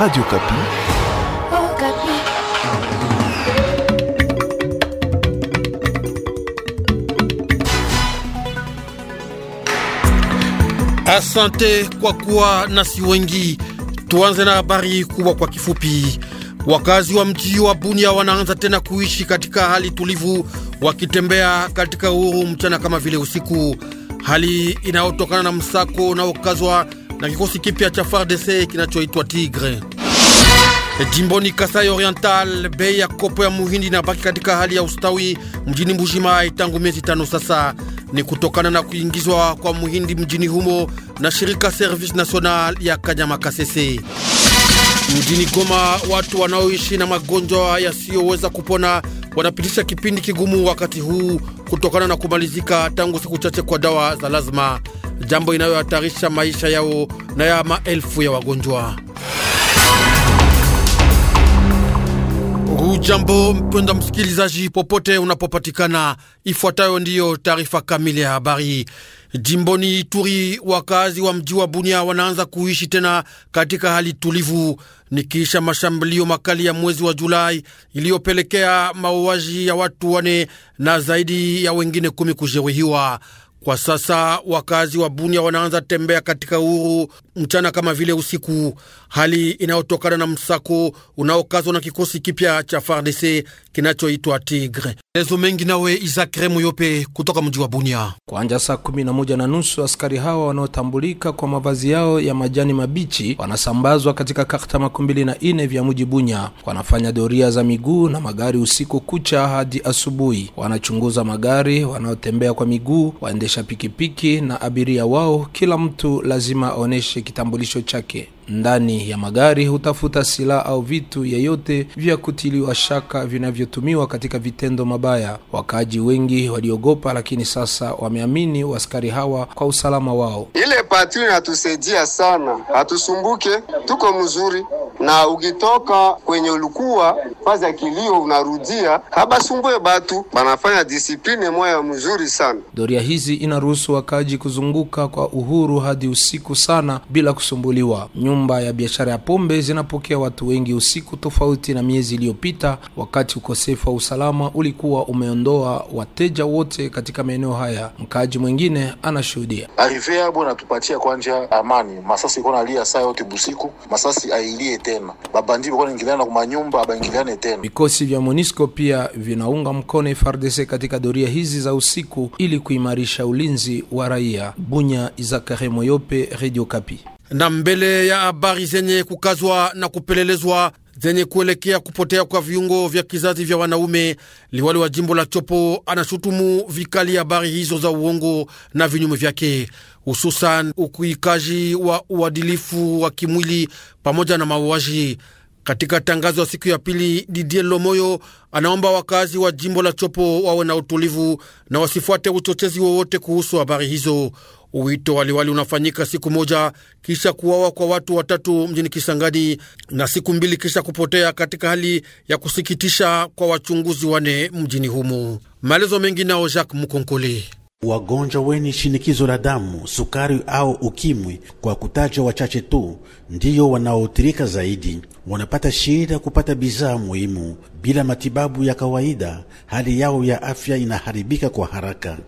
Radio Kapi. Oh, Kapi. Asante kwa kuwa nasi wengi. Tuanze na habari kubwa kwa kifupi. Wakazi wa mji wa Bunia wanaanza tena kuishi katika hali tulivu, wakitembea katika uhuru mchana kama vile usiku, hali inayotokana na msako unaokazwa na kikosi kipya cha FARDC kinachoitwa Tigre. E, jimboni Kasai Oriental, bei ya kopo ya muhindi inabaki katika hali ya ustawi mjini Mbujimayi tangu miezi tano sasa. Ni kutokana na kuingizwa kwa muhindi mjini humo na shirika Service National ya Kanyama Kasese. Mjini Goma, watu wanaoishi na magonjwa yasiyoweza kupona wanapitisha kipindi kigumu wakati huu kutokana na kumalizika tangu siku chache kwa dawa za lazima, jambo inayohatarisha maisha yao na ya maelfu ya wagonjwa. Ujambo mpenda msikilizaji, popote unapopatikana, ifuatayo ndiyo taarifa kamili ya habari. Jimboni Ituri, wakazi wa mji wa Bunia wanaanza kuishi tena katika hali tulivu, nikiisha mashambulio makali ya mwezi wa Julai iliyopelekea mauaji ya watu wane na zaidi ya wengine kumi kujeruhiwa. Kwa sasa wakazi wa Bunia wanaanza tembea katika uhuru mchana kama vile usiku, hali inayotokana na msako unaokazwa na kikosi kipya cha FARDC kinachoitwa Tigre. Lezo mengi nawe Remu Yope kutoka mji wa Bunia. Kuanja saa kumi na moja na nusu askari hawa wanaotambulika kwa mavazi yao ya majani mabichi wanasambazwa katika karta makumi mbili na ine vya mji Bunya. Wanafanya doria za miguu na magari usiku kucha hadi asubuhi. Wanachunguza magari, wanaotembea kwa miguu, waendesha pikipiki na abiria wao. Kila mtu lazima aoneshe kitambulisho chake ndani ya magari hutafuta silaha au vitu yeyote vya kutiliwa shaka vinavyotumiwa katika vitendo mabaya. Wakaaji wengi waliogopa, lakini sasa wameamini waskari hawa kwa usalama wao. Ile patri hatusaidia sana, hatusumbuke, tuko mzuri na ukitoka kwenye ulikuwa ya kilio unarudia, habasumbue batu banafanya disipline moya mzuri sana. Doria hizi inaruhusu wakaaji kuzunguka kwa uhuru hadi usiku sana bila kusumbuliwa nyumba ya biashara ya pombe zinapokea watu wengi usiku, tofauti na miezi iliyopita, wakati ukosefu wa usalama ulikuwa umeondoa wateja wote katika maeneo haya. Mkaaji mwingine anashuhudia arive yabo natupatia kwanja amani. Masasi iko nalia saa yote busiku, masasi ailie tena, babandi iko naingiliana kumanyumba, abaingiliane tena. Vikosi vya MONUSCO pia vinaunga mkono FARDC katika doria hizi za usiku ili kuimarisha ulinzi wa raia. Bunya, Izakare Moyope, Radio Kapi na mbele ya habari zenye kukazwa na kupelelezwa zenye kuelekea kupotea kwa viungo vya kizazi vya wanaume, liwali wa jimbo la Chopo anashutumu vikali habari hizo za uongo na vinyume vyake, hususan ukuikaji wa uadilifu wa kimwili pamoja na mauaji. Katika tangazo ya siku ya pili, Didier Lomoyo anaomba wakazi wa jimbo la Chopo wawe na utulivu na wasifuate uchochezi wowote kuhusu habari hizo. Wito waliwali unafanyika siku moja kisha kuwawa kwa watu watatu mjini Kisangani na siku mbili kisha kupotea katika hali ya kusikitisha kwa wachunguzi wane mjini humo. Maelezo mengi nao Jacques Mukonkole. Wagonjwa wenye shinikizo la damu, sukari au ukimwi, kwa kutaja wachache tu, ndiyo wanaoathirika zaidi. Wanapata shida kupata bidhaa muhimu. Bila matibabu ya kawaida, hali yao ya afya inaharibika kwa haraka.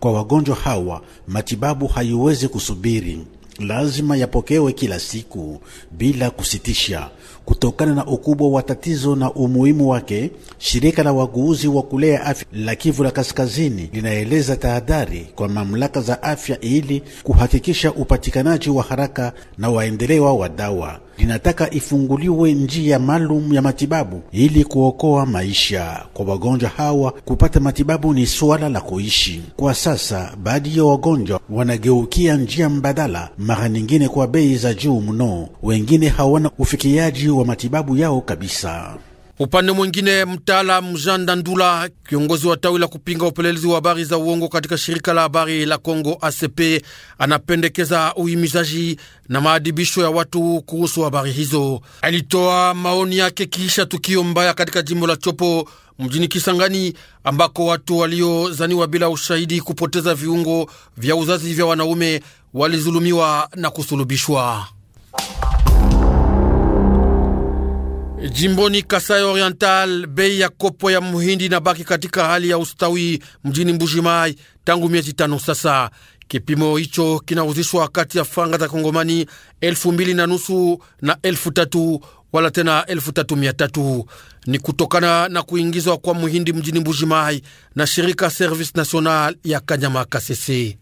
Kwa wagonjwa hawa, matibabu haiwezi kusubiri lazima yapokewe kila siku bila kusitisha. Kutokana na ukubwa wa tatizo na umuhimu wake, shirika la waguuzi wa kulea afya la Kivu la Kaskazini linaeleza tahadhari kwa mamlaka za afya ili kuhakikisha upatikanaji wa haraka na waendelewa wa dawa. Linataka ifunguliwe njia maalum ya matibabu ili kuokoa maisha kwa wagonjwa hawa. Kupata matibabu ni suala la kuishi. Kwa sasa, baadhi ya wagonjwa wanageukia njia mbadala mara nyingine kwa bei za juu mno, wengine hawana ufikiaji wa matibabu yao kabisa. Upande mwingine, mtaalam Jean Dandula, kiongozi wa tawi la kupinga upelelezi wa habari za uongo katika shirika la habari la congo ACP, anapendekeza uhimizaji na maadibisho ya watu kuhusu habari hizo. Alitoa maoni yake kiisha tukio mbaya katika jimbo la Chopo mjini Kisangani, ambako watu waliozaniwa bila ushahidi kupoteza viungo vya uzazi vya wanaume walizulumiwa na kusulubishwa. Jimboni Kasai Oriental, bei ya kopo ya muhindi inabaki katika hali ya ustawi mjini mbujimai tangu miezi tano sasa. Kipimo hicho kinauzishwa kati ya franga za Kongomani elfu mbili na nusu na elfu tatu wala tena elfu tatu mia tatu. Ni kutokana na kuingizwa kwa muhindi mjini mbujimai na shirika Service National ya Kanyama Kasese.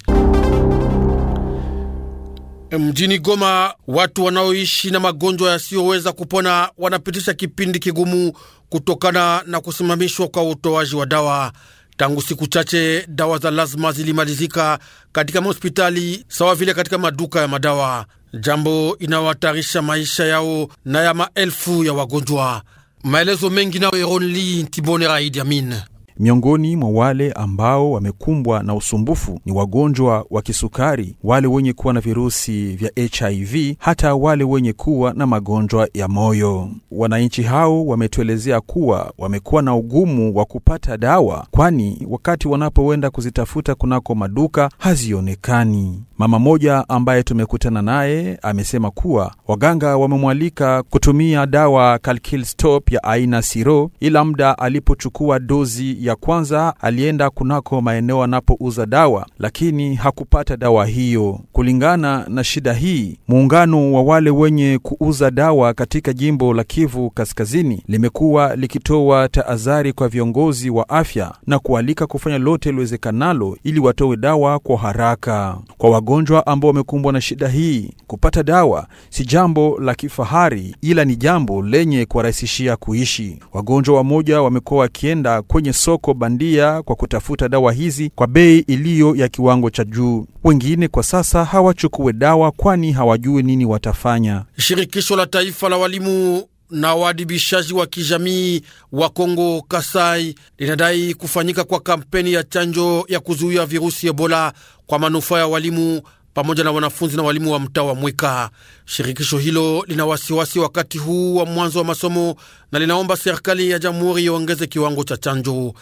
Mjini Goma, watu wanaoishi na magonjwa yasiyoweza kupona wanapitisha kipindi kigumu kutokana na kusimamishwa kwa utoaji wa dawa. Tangu siku chache dawa za lazima zilimalizika katika mahospitali sawa vile katika maduka ya madawa, jambo inayohatarisha maisha yao na ya maelfu ya wagonjwa. Maelezo mengi nayo Eronli Ntibone Raidi Amin. Miongoni mwa wale ambao wamekumbwa na usumbufu ni wagonjwa wa kisukari, wale wenye kuwa na virusi vya HIV, hata wale wenye kuwa na magonjwa ya moyo. Wananchi hao wametuelezea kuwa wamekuwa na ugumu wa kupata dawa, kwani wakati wanapoenda kuzitafuta kunako maduka hazionekani. Mama moja ambaye tumekutana naye amesema kuwa waganga wamemwalika kutumia dawa Kalkil Stop ya aina siro, ila muda alipochukua dozi ya ya kwanza alienda kunako maeneo anapouza dawa, lakini hakupata dawa hiyo. Kulingana na shida hii, muungano wa wale wenye kuuza dawa katika jimbo la Kivu Kaskazini limekuwa likitoa taadhari kwa viongozi wa afya na kualika kufanya lote liwezekanalo ili watoe dawa kwa haraka kwa wagonjwa ambao wamekumbwa na shida hii. Kupata dawa si jambo la kifahari, ila ni jambo lenye kuwarahisishia kuishi. Wagonjwa wamoja wamekuwa wakienda kwenye so masoko bandia kwa kutafuta dawa hizi kwa bei iliyo ya kiwango cha juu. Wengine kwa sasa hawachukue dawa, kwani hawajui nini watafanya. Shirikisho la taifa la walimu na waadibishaji wa kijamii wa Kongo Kasai linadai kufanyika kwa kampeni ya chanjo ya kuzuia virusi Ebola kwa manufaa ya walimu pamoja na wanafunzi na walimu wa mtaa wa Mwika. Shirikisho hilo lina wasiwasi wakati huu wa mwanzo wa masomo na linaomba serikali ya jamhuri iongeze kiwango cha chanjo.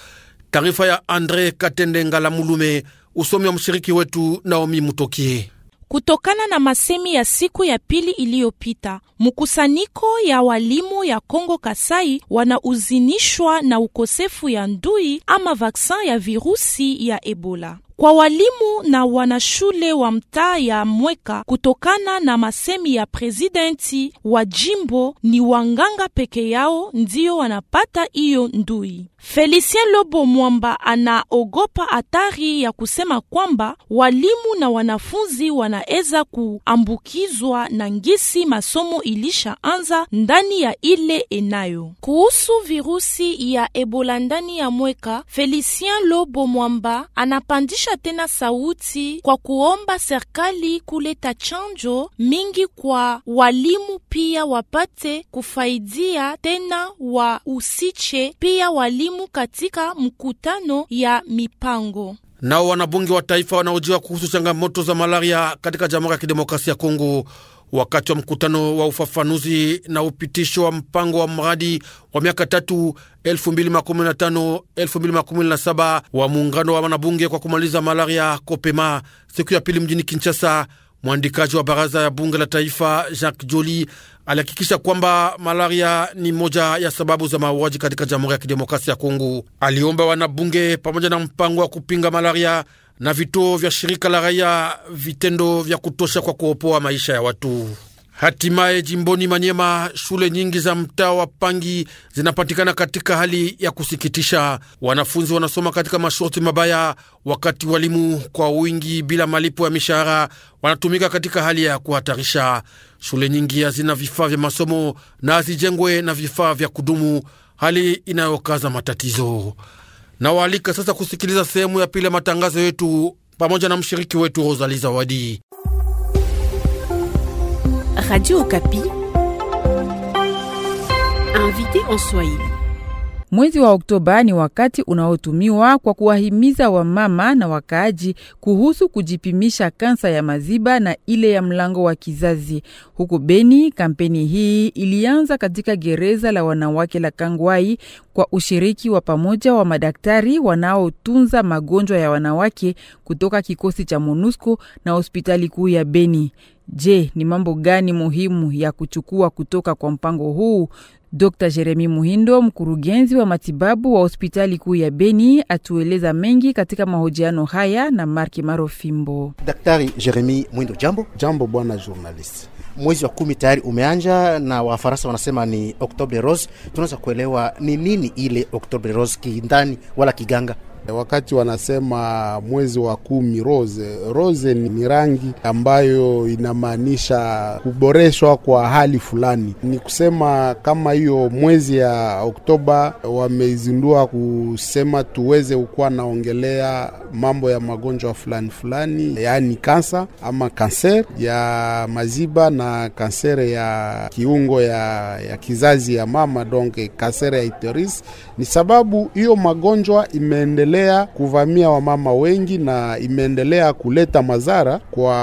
Taarifa ya Andre Katende Ngalamulume, usomi wa mshiriki wetu Naomi Mutokie. Kutokana na masemi ya siku ya pili iliyopita, mkusanyiko ya walimu ya Kongo Kasai wanauzinishwa na ukosefu ya ndui ama vaksin ya virusi ya Ebola kwa walimu na wanashule wa mtaa ya Mweka. Kutokana na masemi ya prezidenti wa jimbo, ni wanganga peke yao ndiyo wanapata hiyo ndui. Felicien Lobo Mwamba anaogopa hatari ya kusema kwamba walimu na wanafunzi wanaweza kuambukizwa na ngisi masomo ilishaanza ndani ya ile enayo. Kuhusu virusi ya Ebola ndani ya Mweka, Felicien Lobo Mwamba anapandisha alipaza tena sauti kwa kuomba serikali kuleta chanjo mingi kwa walimu, pia wapate kufaidia tena wa usiche pia walimu katika mkutano ya mipango. Nao wanabunge wa taifa wanaojiwa kuhusu changamoto za malaria katika Jamhuri ya Kidemokrasia ya Kongo wakati wa mkutano wa ufafanuzi na upitisho wa mpango wa mradi wa miaka tatu 2015 2017 wa muungano wa wanabunge kwa kumaliza malaria Kopema, siku ya pili mjini Kinshasa. Mwandikaji wa baraza ya bunge la taifa Jacques Joly alihakikisha kwamba malaria ni moja ya sababu za mauaji katika Jamhuri ya Kidemokrasia ya Kongo. Aliomba wanabunge pamoja na mpango wa kupinga malaria na vituo vya shirika la raia vitendo vya kutosha kwa kuopoa maisha ya watu. Hatimaye jimboni Manyema, shule nyingi za mtaa wa Pangi zinapatikana katika hali ya kusikitisha. Wanafunzi wanasoma katika masharti mabaya, wakati walimu kwa wingi bila malipo ya mishahara wanatumika katika hali ya kuhatarisha. Shule nyingi hazina vifaa vya masomo na hazijengwe na vifaa vya kudumu, hali inayokaza matatizo. Nawaalika sasa kusikiliza sehemu ya pili ya matangazo yetu pamoja na mshiriki wetu Rosali Zawadi. Radio Okapi, invité en Swahili. Mwezi wa Oktoba ni wakati unaotumiwa kwa kuwahimiza wamama na wakaaji kuhusu kujipimisha kansa ya maziba na ile ya mlango wa kizazi. Huko Beni, kampeni hii ilianza katika gereza la wanawake la Kangwai kwa ushiriki wa pamoja wa madaktari wanaotunza magonjwa ya wanawake kutoka kikosi cha MONUSCO na hospitali kuu ya Beni. Je, ni mambo gani muhimu ya kuchukua kutoka kwa mpango huu? Dr Jeremi Muhindo, mkurugenzi wa matibabu wa hospitali kuu ya Beni, atueleza mengi katika mahojiano haya na mark Marofimbo. Daktari Jeremy Muhindo, jambo. Jambo bwana journalist. Mwezi wa kumi tayari umeanja na Wafaransa wanasema ni Octobre Rose. Tunaweza kuelewa ni nini ile Octobre Rose kindani wala kiganga? Eh, wakati wanasema mwezi wa kumi rose, rose ni rangi ambayo inamaanisha kuboreshwa kwa hali fulani. Ni kusema kama hiyo mwezi ya Oktoba wameizindua kusema tuweze kukuwa naongelea mambo ya magonjwa fulani fulani, yaani kansa ama kanser ya maziba na kansere ya kiungo ya, ya kizazi ya mama, donc kansere ya iteris ni sababu hiyo magonjwa imeendelea kuvamia wamama wengi na imeendelea kuleta madhara kwa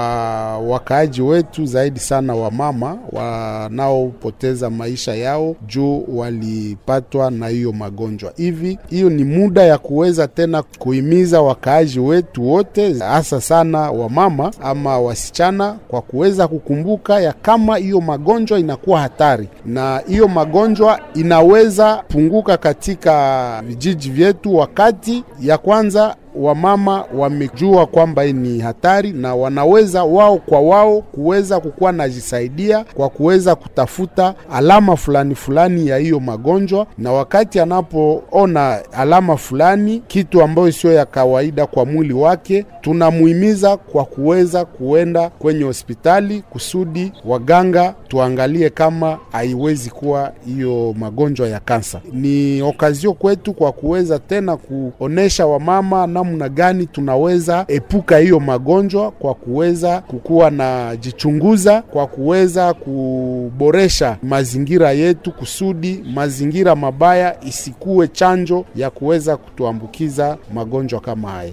wakaaji wetu, zaidi sana wamama wanaopoteza maisha yao juu walipatwa na hiyo magonjwa. Hivi hiyo ni muda ya kuweza tena kuhimiza wakaaji wetu wote, hasa sana wamama ama wasichana, kwa kuweza kukumbuka ya kama hiyo magonjwa inakuwa hatari na hiyo magonjwa inaweza punguka katika katika vijiji vyetu wakati ya kwanza wamama wamejua kwamba hii ni hatari, na wanaweza wao kwa wao kuweza kukuwa najisaidia kwa kuweza kutafuta alama fulani fulani ya hiyo magonjwa, na wakati anapoona alama fulani, kitu ambayo sio ya kawaida kwa mwili wake, tunamuhimiza kwa kuweza kuenda kwenye hospitali kusudi waganga tuangalie kama haiwezi kuwa hiyo magonjwa ya kansa. Ni okazio kwetu kwa kuweza tena kuonesha wamama na namna gani tunaweza epuka hiyo magonjwa kwa kuweza kukuwa na jichunguza, kwa kuweza kuboresha mazingira yetu kusudi mazingira mabaya isikuwe chanjo ya kuweza kutuambukiza magonjwa kama haya.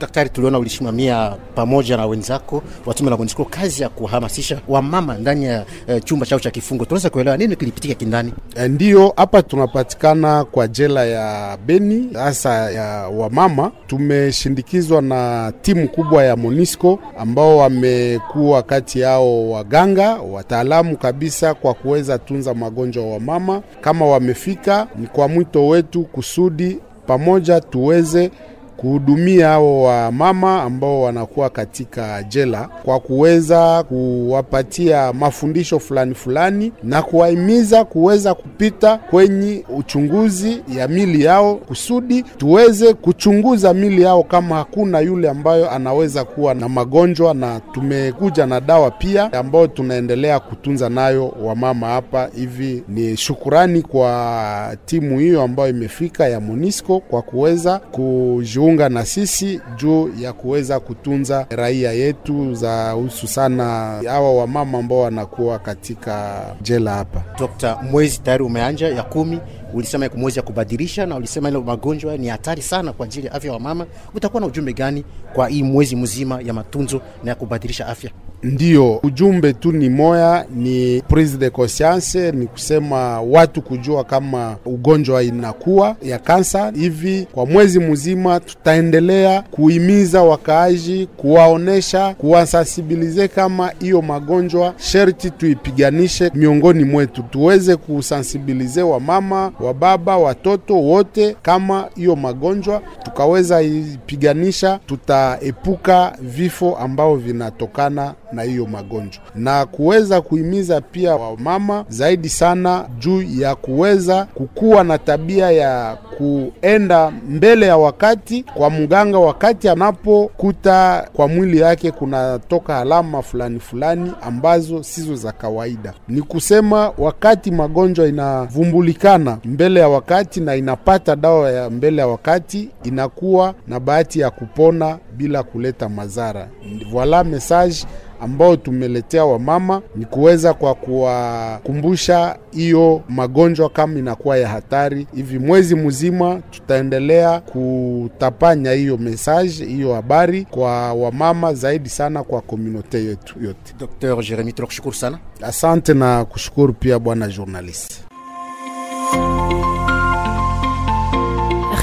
Daktari, tuliona ulisimamia pamoja na wenzako wa tume la MONUSCO kazi ya kuhamasisha wamama ndani ya e, chumba chao cha kifungo. Tunaweza kuelewa nini kilipitika kindani? E, eh, ndiyo hapa tunapatikana kwa jela ya Beni, hasa ya wamama. Tumeshindikizwa na timu kubwa ya MONUSCO ambao wamekuwa kati yao waganga wataalamu kabisa kwa kuweza tunza magonjwa wa mama. Kama wamefika, ni kwa mwito wetu kusudi pamoja tuweze kuhudumia hao wamama ambao wanakuwa katika jela kwa kuweza kuwapatia mafundisho fulani fulani na kuwahimiza kuweza kupita kwenye uchunguzi ya mili yao kusudi tuweze kuchunguza mili yao kama hakuna yule ambayo anaweza kuwa na magonjwa, na tumekuja na dawa pia ambayo tunaendelea kutunza nayo wamama hapa hivi. Ni shukurani kwa timu hiyo ambayo imefika ya Monisco kwa kuweza ku kujiunga na sisi juu ya kuweza kutunza raia yetu za husu sana hawa wamama ambao wanakuwa katika jela hapa. Dr. mwezi tayari umeanja ya kumi ulisema kumwezi ya kubadilisha na ulisema ile magonjwa ni hatari sana kwa ajili ya afya wa mama. Utakuwa na ujumbe gani kwa hii mwezi mzima ya matunzo na ya kubadilisha afya? Ndiyo, ujumbe tu ni moya, ni prise de conscience, ni kusema watu kujua kama ugonjwa inakuwa ya kansa hivi. Kwa mwezi mzima tutaendelea kuhimiza wakaaji, kuwaonesha, kuwasansibilize kama hiyo magonjwa sherti tuipiganishe miongoni mwetu, tuweze kusansibilize wamama wa baba watoto wote, kama hiyo magonjwa tukaweza ipiganisha, tutaepuka vifo ambao vinatokana na hiyo magonjwa, na kuweza kuhimiza pia wamama zaidi sana juu ya kuweza kukuwa na tabia ya kuenda mbele ya wakati kwa mganga wakati anapokuta kwa mwili yake kunatoka alama fulani fulani ambazo sizo za kawaida. Ni kusema wakati magonjwa inavumbulikana, mbele ya wakati na inapata dawa ya mbele ya wakati, inakuwa na bahati ya kupona bila kuleta madhara. Voila message ambao tumeletea wamama ni kuweza kwa kuwakumbusha hiyo magonjwa kama inakuwa ya hatari hivi. Mwezi mzima tutaendelea kutapanya hiyo message hiyo habari kwa wamama zaidi sana kwa komunote yetu yote. Dr. Jeremy, tunakushukuru sana. Asante na kushukuru pia bwana journalist.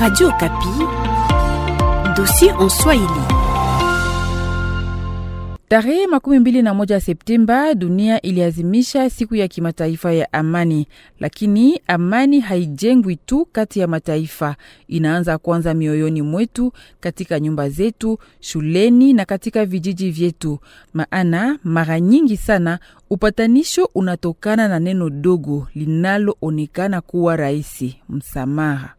Radio Kapi. Dossier en Swahili. Tarehe makumi mbili na moja Septemba dunia iliazimisha siku ya kimataifa ya amani, lakini amani haijengwi tu kati ya mataifa. Inaanza kwanza mioyoni mwetu, katika nyumba zetu, shuleni na katika vijiji vyetu, maana mara nyingi sana Upatanisho unatokana na neno dogo linaloonekana kuwa rahisi, msamaha,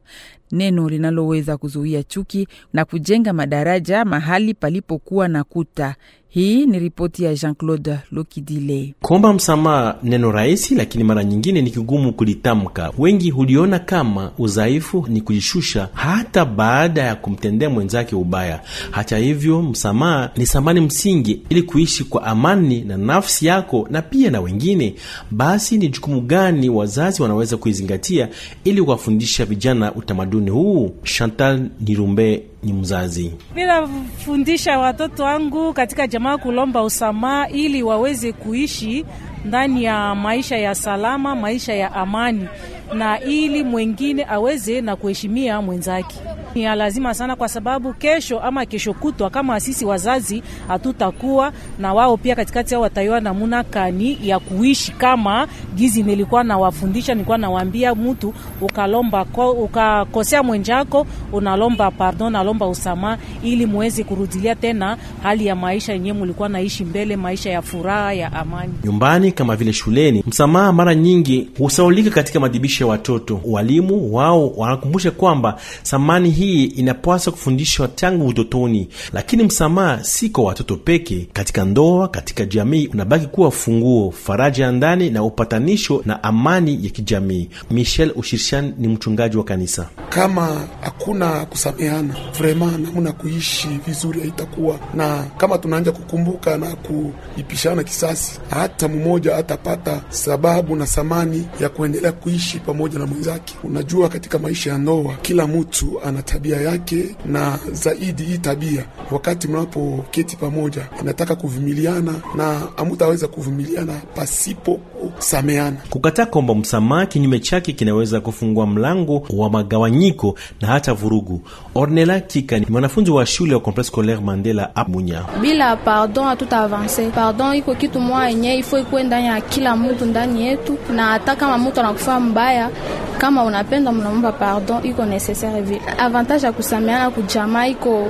neno linaloweza kuzuia chuki na kujenga madaraja mahali palipokuwa na kuta. Hii ni ripoti ya Jean-Claude Lokidile. Kuomba msamaha, neno rahisi, lakini mara nyingine ni kigumu kulitamka. Wengi huliona kama udhaifu, ni kujishusha hata baada ya kumtendea mwenzake ubaya. Hata hivyo, msamaha ni thamani msingi ili kuishi kwa amani na nafsi yako na pia na wengine, basi ni jukumu gani wazazi wanaweza kuizingatia ili kuwafundisha vijana utamaduni huu? Chantal Nirumbe ni mzazi. Ninafundisha watoto wangu katika jamaa kulomba usamaa ili waweze kuishi ndani ya maisha ya salama, maisha ya amani, na ili mwengine aweze na kuheshimia mwenzake ni ya lazima sana, kwa sababu kesho ama kesho kutwa, kama sisi wazazi hatutakuwa na wao, pia katikati yao wataiwa namuna kani ya kuishi. Kama gizi nilikuwa nawafundisha, nilikuwa nawaambia mtu ukalomba ko, ukakosea mwenjako unalomba pardon, nalomba usama, ili muweze kurudilia tena hali ya maisha yenye mlikuwa naishi mbele, maisha ya furaha ya amani nyumbani kama vile shuleni. Msamaha mara nyingi husaulika katika madibisho ya watoto. Walimu wao wanakumbusha kwamba samani hii hii inapaswa kufundishwa tangu utotoni, lakini msamaha si kwa watoto peke. Katika ndoa, katika jamii unabaki kuwa funguo, faraja ya ndani na upatanisho na amani ya kijamii. Michel Ushirshan ni mchungaji wa kanisa. Kama hakuna kusameheana, vrema namna kuishi vizuri haitakuwa na, kama tunaanja kukumbuka na kuipishana kisasi, hata mmoja atapata sababu na thamani ya kuendelea kuishi pamoja na mwenzake. Unajua, katika maisha ya ndoa kila mtu anata tabia yake, na zaidi hii tabia, wakati mnapo keti pamoja, anataka kuvumiliana na amutaweza kuvumiliana pasipo kusameana. Kukataa kuomba msamaha kinyume chake kinaweza kufungua mlango wa magawanyiko na hata vurugu. Ornella Kika ni mwanafunzi wa shule ya Complexe Scolaire Mandela Amunya. Bila pardon hatuta avanse. Pardon iko kitu mwa yenye ifo ikuwe ndani ya kila mutu ndani yetu, na hata kama mutu anakufaa mbaya kama unapenda mnaomba pardon, iko necessaire vile. Avantage ya kusameana kujamaa iko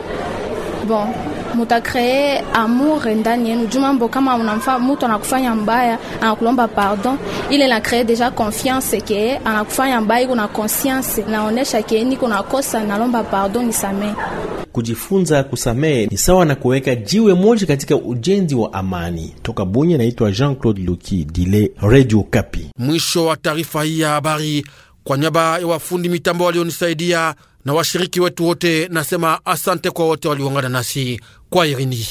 bon mutakree amour ndani yenu juu mambo kama unamfa mtu anakufanya mbaya anakulomba pardon, ile na cree deja confiance ke anakufanya mbaya, iko conscience naonesha ke niko na kosa, nalomba pardon, nisamehe. Kujifunza kusamehe ni sawa na kuweka jiwe moja katika ujenzi wa amani. Toka Bunya, naitwa Jean Claude Luki Dile, Radio Kapi. Mwisho wa taarifa hii ya habari. Kwa niaba ya wafundi mitambo walionisaidia na washiriki wetu wote, nasema asante kwa wote walioungana nasi kwa irini.